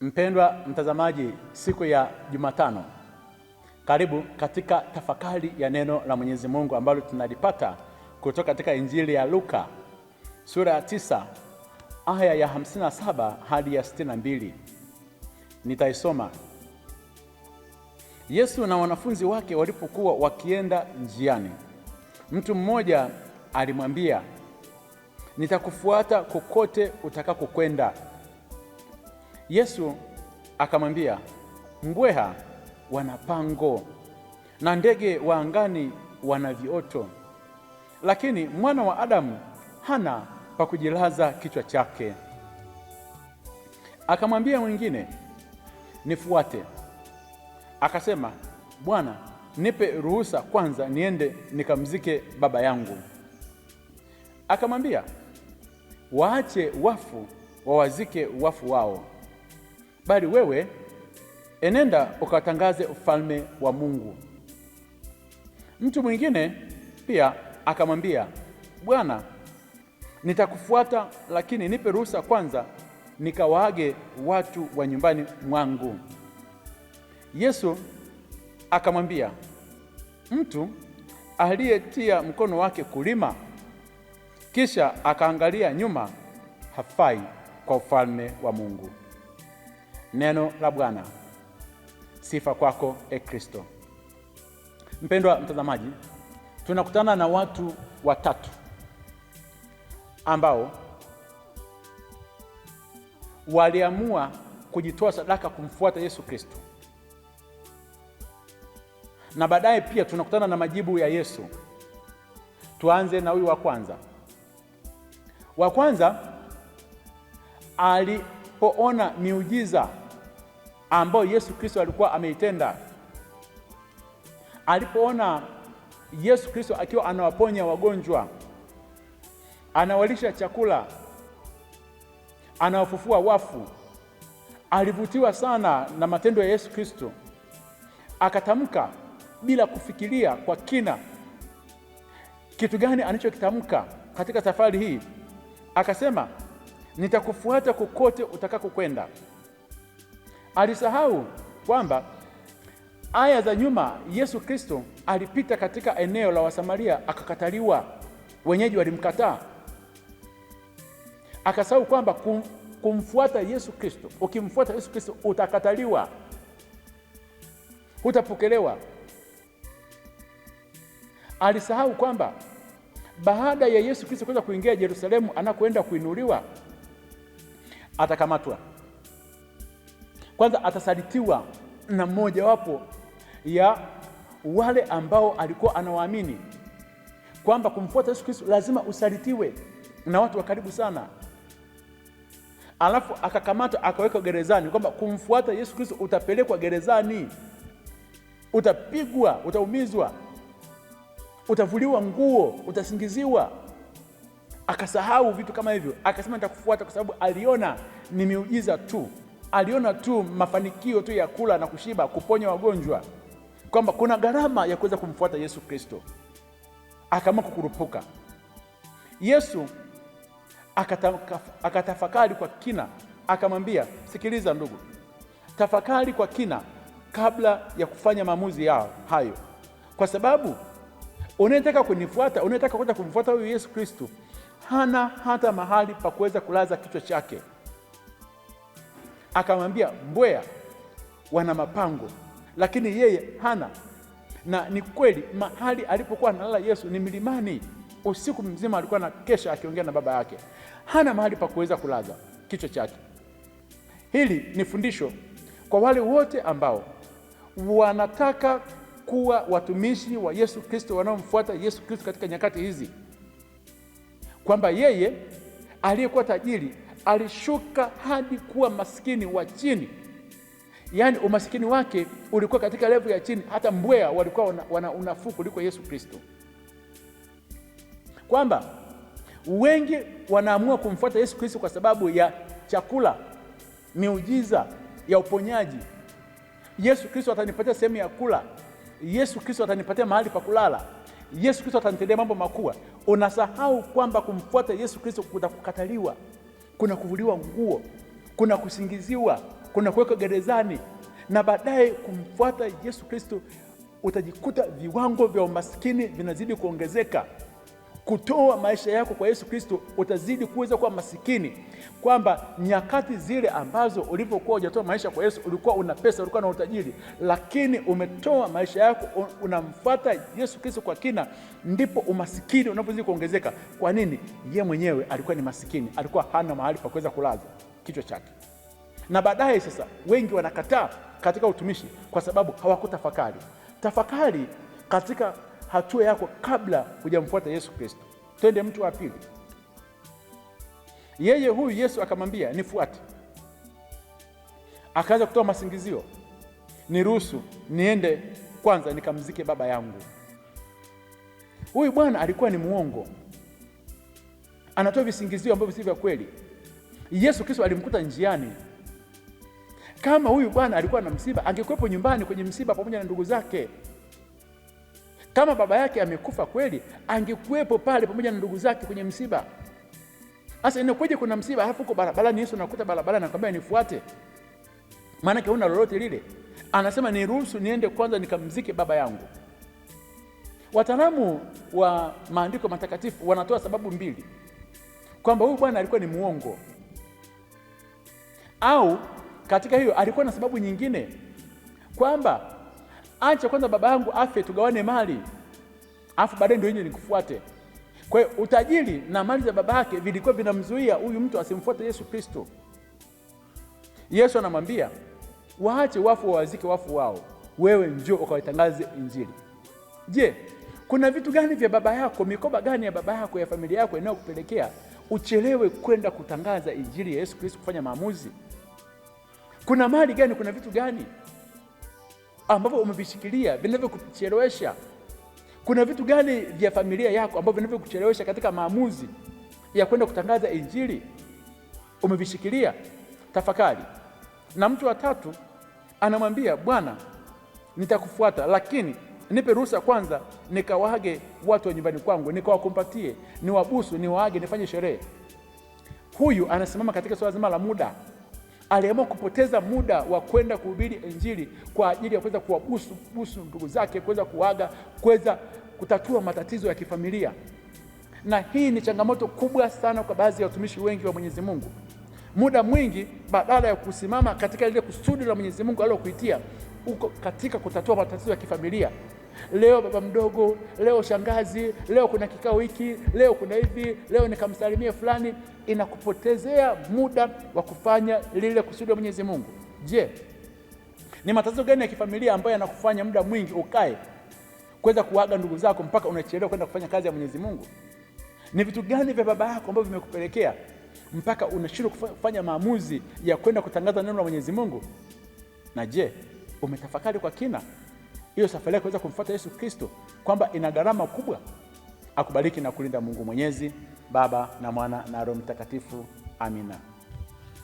Mpendwa mtazamaji, siku ya Jumatano, karibu katika tafakari ya neno la Mwenyezi Mungu ambalo tunalipata kutoka katika Injili ya Luka sura ya tisa aya ya 57 hadi ya 62. Nitaisoma. Yesu na wanafunzi wake walipokuwa wakienda njiani, mtu mmoja alimwambia, nitakufuata kokote utakakokwenda. Yesu akamwambia, mbweha wana pango na ndege wa angani wana vioto, lakini mwana wa Adamu hana pa kujilaza kichwa chake. Akamwambia mwingine, nifuate. Akasema, Bwana, nipe ruhusa kwanza niende nikamzike baba yangu. Akamwambia, waache wafu wawazike wafu wao, bali wewe enenda ukatangaze ufalme wa Mungu. Mtu mwingine pia akamwambia, Bwana, nitakufuata lakini nipe ruhusa kwanza nikawaage watu wa nyumbani mwangu. Yesu akamwambia, mtu aliyetia mkono wake kulima kisha akaangalia nyuma hafai kwa ufalme wa Mungu. Neno la Bwana. Sifa kwako e Kristo. Mpendwa mtazamaji, tunakutana na watu watatu ambao waliamua kujitoa sadaka kumfuata Yesu Kristo, na baadaye pia tunakutana na majibu ya Yesu. Tuanze na huyu wa kwanza. Wa kwanza alipoona miujiza ambayo Yesu Kristo alikuwa ameitenda. Alipoona Yesu Kristo akiwa anawaponya wagonjwa, anawalisha chakula, anawafufua wafu, alivutiwa sana na matendo ya Yesu Kristo, akatamka bila kufikiria kwa kina. Kitu gani anachokitamka katika safari hii? Akasema, nitakufuata kokote utakakokwenda. Alisahau kwamba aya za nyuma Yesu Kristo alipita katika eneo la Wasamaria akakataliwa, wenyeji walimkataa. Akasahau kwamba kum, kumfuata Yesu Kristo, ukimfuata Yesu Kristo utakataliwa, hutapokelewa. Alisahau kwamba baada ya Yesu Kristo kuweza kuingia Yerusalemu anakoenda kuinuliwa, atakamatwa kwanza atasalitiwa na mmojawapo ya wale ambao alikuwa anawaamini kwamba kumfuata Yesu Kristo lazima usalitiwe na watu wa karibu sana. Alafu akakamata akaweka gerezani, kwamba kumfuata Yesu Kristo utapelekwa gerezani, utapigwa, utaumizwa, utavuliwa nguo, utasingiziwa. Akasahau vitu kama hivyo, akasema nitakufuata, kwa sababu aliona ni miujiza tu aliona tu mafanikio tu ya kula na kushiba, kuponya wagonjwa, kwamba kuna gharama ya kuweza kumfuata Yesu Kristo, akaamua kukurupuka. Yesu akatafakari kwa kina, akamwambia, sikiliza ndugu, tafakari kwa kina kabla ya kufanya maamuzi yao hayo, kwa sababu unayetaka kunifuata, unayetaka kwenda kumfuata huyu Yesu Kristo hana hata mahali pa kuweza kulaza kichwa chake akamwambia mbweha wana mapango lakini yeye hana. Na ni kweli mahali alipokuwa analala Yesu ni milimani, usiku mzima alikuwa na kesha akiongea na baba yake, hana mahali pa kuweza kulaza kichwa chake. Hili ni fundisho kwa wale wote ambao wanataka kuwa watumishi wa Yesu Kristo, wanaomfuata Yesu Kristo katika nyakati hizi, kwamba yeye aliyekuwa tajiri alishuka hadi kuwa maskini wa chini. Yaani umaskini wake ulikuwa katika levu ya chini, hata mbwea walikuwa wana, wana unafuu kuliko Yesu Kristo, kwamba wengi wanaamua kumfuata Yesu Kristo kwa sababu ya chakula, miujiza ya uponyaji. Yesu Kristo atanipatia sehemu ya kula, Yesu Kristo atanipatia mahali pa kulala, Yesu Kristo atanitendea mambo makubwa. Unasahau kwamba kumfuata Yesu Kristo kutakukataliwa kuna kuvuliwa nguo, kuna kusingiziwa, kuna kuwekwa gerezani na baadaye kumfuata Yesu Kristo, utajikuta viwango vya umaskini vinazidi kuongezeka kutoa maisha yako kwa Yesu Kristo, utazidi kuweza kuwa masikini, kwamba nyakati zile ambazo ulipokuwa hujatoa maisha kwa Yesu, ulikuwa una pesa, ulikuwa na utajiri, lakini umetoa maisha yako, unamfuata Yesu Kristo kwa kina, ndipo umasikini unapozidi kuongezeka. Kwa nini? Ye mwenyewe alikuwa ni masikini, alikuwa hana mahali pa kuweza kulaza kichwa chake. Na baadaye sasa, wengi wanakataa katika utumishi kwa sababu hawakutafakari. Tafakari katika hatua yako kabla hujamfuata Yesu Kristo. Twende mtu wa pili. Yeye huyu Yesu akamwambia, nifuate. Akaanza kutoa masingizio, niruhusu niende kwanza nikamzike baba yangu. Huyu bwana alikuwa ni muongo anatoa visingizio ambavyo si vya kweli. Yesu Kristo alimkuta njiani. Kama huyu bwana alikuwa na msiba, angekuwepo nyumbani kwenye msiba pamoja na ndugu zake. Kama baba yake amekufa kweli, angekuwepo pale pamoja na ndugu zake kwenye msiba. Sasa inakuja kuna msiba, halafu uko barabarani, Yesu anakuta barabara, nakwambia nifuate, maanake una lolote lile. Anasema niruhusu niende kwanza nikamzike baba yangu. Wataalamu wa maandiko matakatifu wanatoa sababu mbili, kwamba huyu bwana alikuwa ni muongo, au katika hiyo alikuwa na sababu nyingine kwamba acha kwanza baba yangu afe, tugawane mali, afu baadaye ndio yeye nikufuate. Kwa hiyo utajiri na mali za baba yake vilikuwa vinamzuia huyu mtu asimfuate Yesu Kristo. Yesu anamwambia waache wafu wawazike wafu wao, wewe njoo ukawatangaze Injili. Je, kuna vitu gani vya baba yako, mikoba gani ya baba yako, ya familia yako inayokupelekea uchelewe kwenda kutangaza Injili ya Yesu Kristo, kufanya maamuzi? Kuna mali gani, kuna vitu gani ambavyo umevishikilia vinavyokuchelewesha? Kuna vitu gani vya familia yako ambavyo vinavyokuchelewesha katika maamuzi ya kwenda kutangaza Injili? Umevishikilia? Tafakari. Na mtu wa tatu anamwambia Bwana, nitakufuata lakini nipe ruhusa kwanza nikawaage watu wa nyumbani kwangu, nikawakumbatie, niwabusu, niwaage, nifanye sherehe. Huyu anasimama katika swala zima la muda aliamua kupoteza muda wa kwenda kuhubiri Injili kwa ajili ya kuweza kuwabusu busu ndugu zake, kuweza kuaga, kuweza kutatua matatizo ya kifamilia. Na hii ni changamoto kubwa sana kwa baadhi ya watumishi wengi wa Mwenyezi Mungu. Muda mwingi badala ya kusimama katika lile kusudi la Mwenyezi Mungu alilokuitia, uko katika kutatua matatizo ya kifamilia leo baba mdogo, leo shangazi, leo kuna kikao hiki, leo kuna hivi, leo nikamsalimia fulani. Inakupotezea muda wa kufanya lile kusudi la Mwenyezi Mungu. Je, ni matatizo gani ya kifamilia ambayo yanakufanya muda mwingi ukae kuweza kuaga ndugu zako mpaka unachelewa kwenda kufanya kazi ya Mwenyezi Mungu? Ni vitu gani vya baba yako ambavyo vimekupelekea mpaka unashindwa kufanya maamuzi ya kwenda kutangaza neno la Mwenyezi Mungu? Na je, umetafakari kwa kina hiyo safari yake kuweza kumfuata Yesu Kristo, kwamba ina gharama kubwa. Akubariki na kulinda Mungu Mwenyezi, Baba na Mwana na Roho Mtakatifu. Amina.